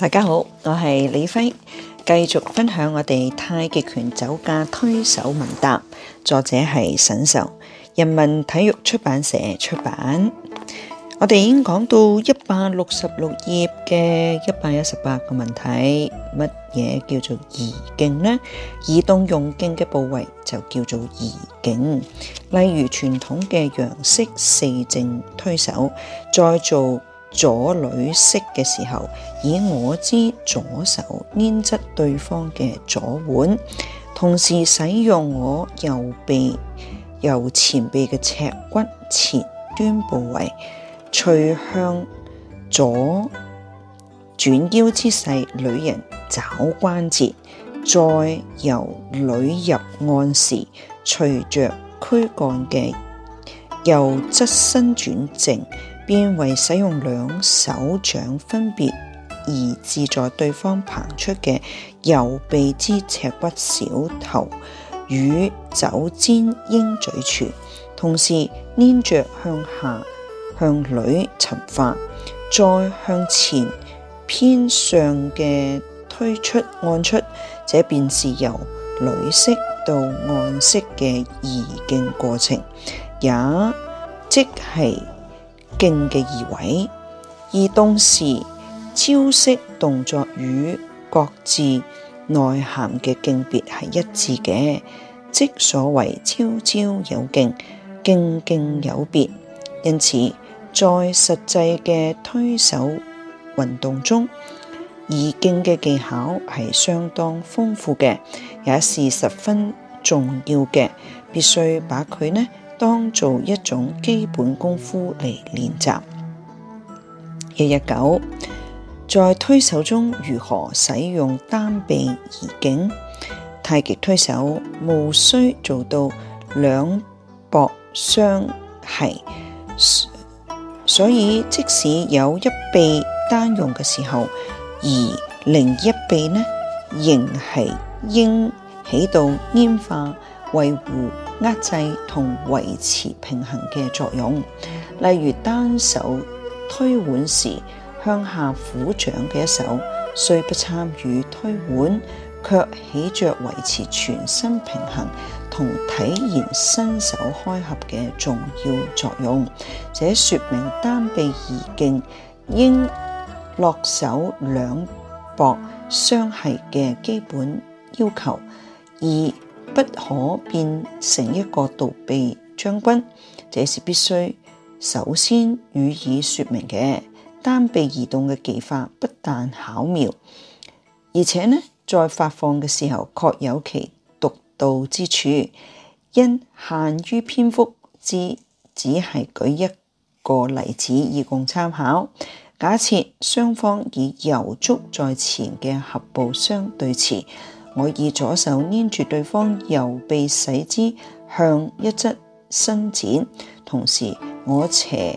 大家好，我係李輝，繼續分享我哋太極拳走架推手問答，作者係沈壽，人民體育出版社出版。我哋已經講到一百六十六頁嘅一百一十八個問題，乜嘢叫做移勁呢？移動用勁嘅部位就叫做移勁，例如傳統嘅楊式四正推手，再做。左女式嘅時候，以我之左手捏握對方嘅左腕，同時使用我右臂右前臂嘅尺骨前端部位，隨向左轉腰之勢，女人肘關節，再由女入按時，隨着軀幹嘅由側身轉正。變為使用兩手掌分別而自在對方掤出嘅右臂之尺骨小頭與肘尖鷹嘴處，同時黏着向下向裏沉化，再向前偏上嘅推出按出，這便是由捋式到按式嘅移勁過程，也即係。勁嘅移位，而當時招式動作與各自內涵嘅勁別係一致嘅，即所謂招招有勁，勁勁有別。因此，在實際嘅推手運動中，移勁嘅技巧係相當豐富嘅，也是十分重要嘅，必須把佢呢，當做一種基本功夫嚟練習。日日九，在推手中如何使用單臂移頸？太極推手務須做到兩膊相係，所以即使有一臂單用嘅時候，而另一臂呢，仍係應起到黏化維護。壓制同維持平衡嘅作用，例如單手推腕時，向下俯掌嘅一手雖不參與推腕，卻起着維持全身平衡同體現新手開合嘅重要作用。這說明單臂移勁應落手兩膊相繫嘅基本要求。二不可變成一個獨臂將軍，這是必須首先予以説明嘅。單臂移動嘅技法不但巧妙，而且呢，在發放嘅時候確有其獨到之處。因限於篇幅，之，只係舉一個例子以供參考。假設雙方以右足在前嘅合步相對峙。我以左手黏住對方右臂使之向一側伸展，同時我斜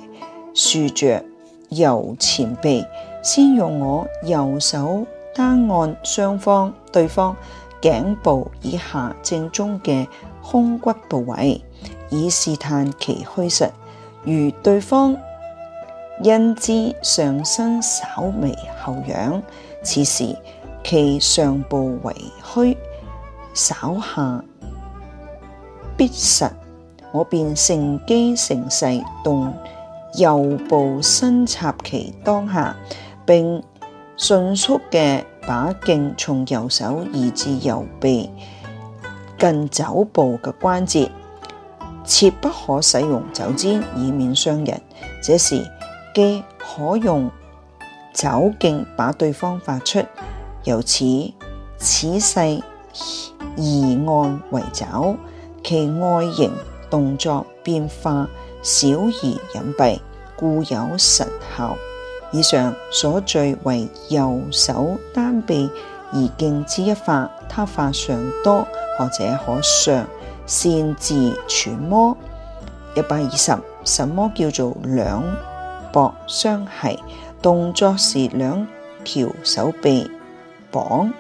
豎着右前臂，先用我右手單按雙方對方頸部以下正中嘅胸骨部位，以試探其虛實。如對方因之上身稍微後仰，此時。其上部為虛，稍下必實。我便乘機成勢動右步，身插其當下，並迅速嘅把勁從右手移至右臂近肘部嘅關節，切不可使用肘尖，以免傷人。這時既可用肘勁把對方發出。由此此勢而按為爪，其外形動作變化小而隱蔽，故有神效。以上所敘為右手單臂而勁之一法，他法尚多，或者可上善自揣摩。一百二十，什麼叫做兩膊相係？動作是兩條手臂。綁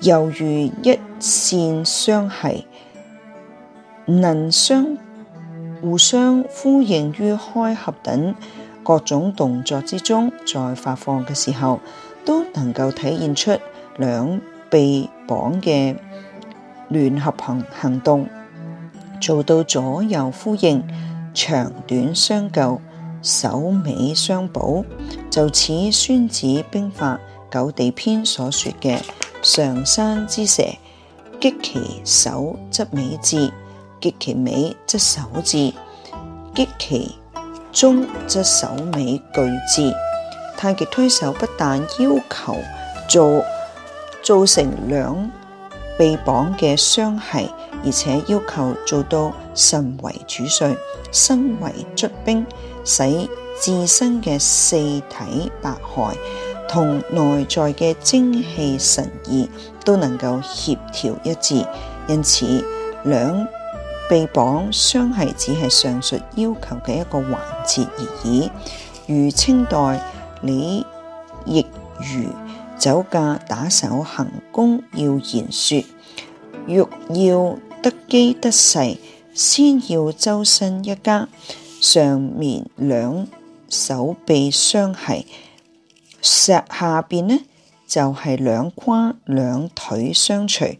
猶如一線相係，能相互相呼應於開合等各種動作之中，在發放嘅時候都能夠體現出兩臂綁嘅聯合行行動，做到左右呼應、長短相救、首尾相補，就似《孫子兵法》。《九地篇》所說嘅上山之蛇，擊其首則尾至，擊其尾則首至，擊其中則首尾俱至。太極推手不但要求做造成兩臂膀嘅傷係，而且要求做到神為主帥，身為卒兵，使自身嘅四體八害。同內在嘅精氣神意都能夠協調一致，因此兩臂膀相係只係上述要求嘅一個環節而已。如清代李亦畬走架打手行功要言說：「欲要得機得勢，先要周身一家，上面兩手臂相係。石下邊呢，就係、是、兩胯兩腿相隨，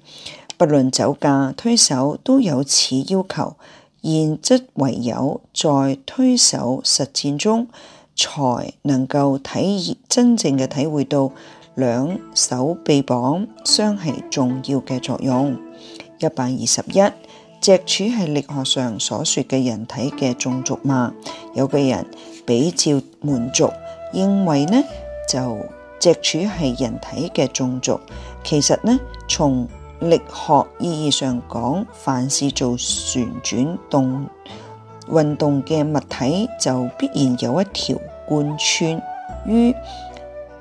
不論走架推手都有此要求。然則唯有在推手實踐中，才能夠體真正嘅體會到兩手臂膀相係重要嘅作用。一百二十一，脊柱係力學上所說嘅人體嘅縱軸嘛？有嘅人比較滿足，認為呢？就脊柱係人體嘅縱軸。其實呢，從力學意義上講，凡是做旋轉動運動嘅物體，就必然有一條貫穿於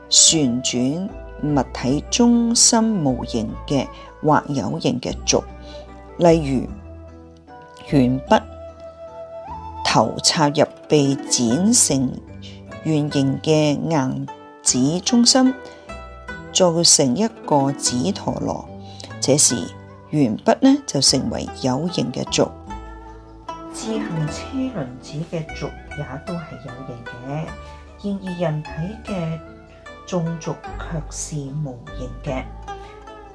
旋轉物體中心無形嘅或有形嘅軸，例如鉛筆頭插入被剪成圓形嘅硬。指中心做成一個指陀螺，這時鉛筆呢就成為有形嘅軸。自行車輪子嘅軸也都係有形嘅，然而人體嘅縱軸卻是無形嘅。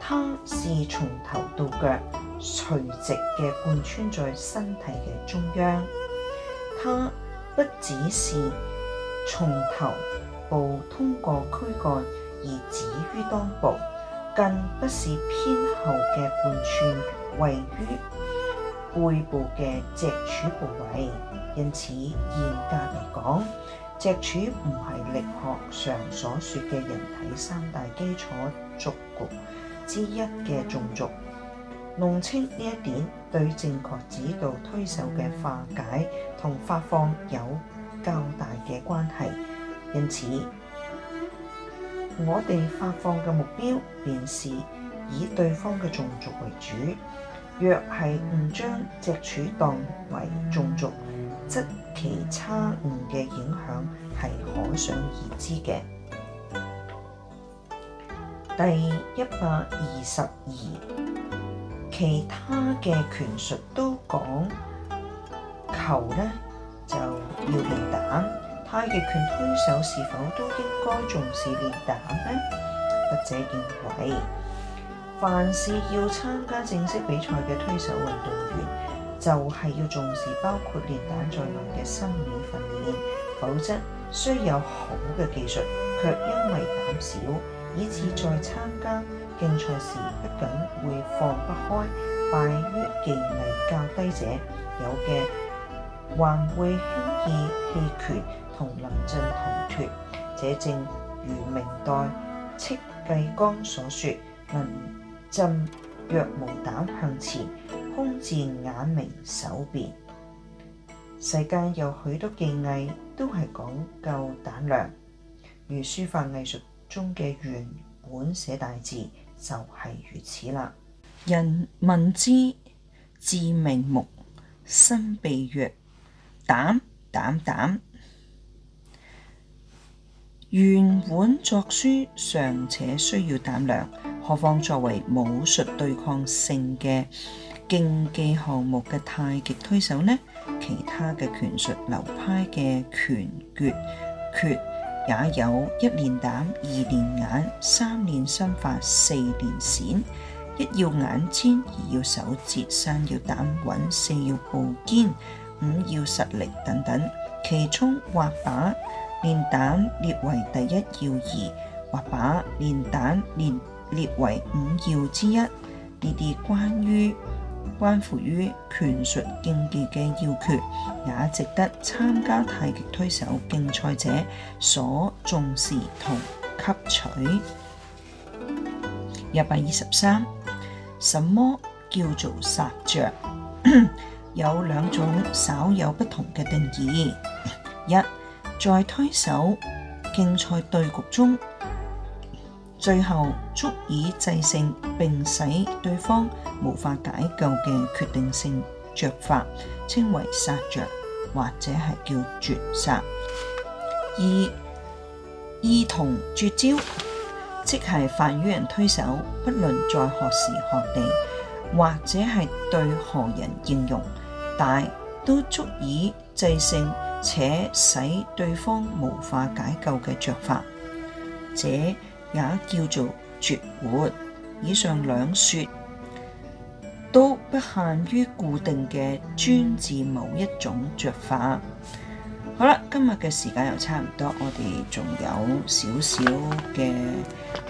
它是從頭到腳垂直嘅貫穿在身體嘅中央。它不只是。從頭部通過軀幹而止於當部，更不是偏後嘅半寸位於背部嘅脊柱部位。因此嚴格嚟講，脊柱唔係力學上所說嘅人體三大基礎族局之一嘅縱軸。弄清呢一點，對正確指導推手嘅化解同發放有較大嘅關係，因此我哋發放嘅目標，便是以對方嘅重足為主。若係唔將隻柱當為重足，則其差誤嘅影響係可想而知嘅。第一百二十二，其他嘅拳術都講求呢，要練膽，太極拳推手是否都應該重視練膽呢？筆者認為，凡是要參加正式比賽嘅推手運動員，就係、是、要重視包括練膽在內嘅心理訓練，否則雖有好嘅技術，卻因為膽小，以致在參加競賽時，不僅會放不開，敗於技藝較低者，有嘅。還會輕易棄權同臨陣逃脫，這正如明代戚繼光所說：臨陣若無膽向前，空自眼明手便。世間有許多技藝都係講究膽量，如書法藝術中嘅圓腕寫大字就係如此啦。人聞之自明目，身被弱。膽膽膽，原本作書尚且需要膽量，何況作為武術對抗性嘅競技項目嘅太極推手呢？其他嘅拳術流派嘅拳訣訣也有一練膽，二練眼，三練身法，四練閃。一要眼尖，二要手節，三要膽穩，四要步堅。五要實力等等，其中或把練膽列為第一要義，或把練膽練列為五要之一。呢啲關於關乎於拳術競技嘅要訣，也值得參加太極推手競賽者所重視同吸取。一百二十三，什麼叫做殺着？有兩種稍有不同嘅定義：一，在推手競賽對局中，最後足以制勝並使對方無法解救嘅決定性着法，稱為殺着，或者係叫絕殺；二，意同絕招，即係凡與人推手，不論在何時何地，或者係對何人應用。大都足以制勝且使對方無法解救嘅着法，這也叫做絕活。以上兩說都不限於固定嘅專治某一種着法。好啦，今日嘅時間又差唔多，我哋仲有少少嘅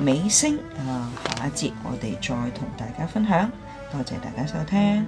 尾聲啊，呃，下一節我哋再同大家分享。多謝大家收聽。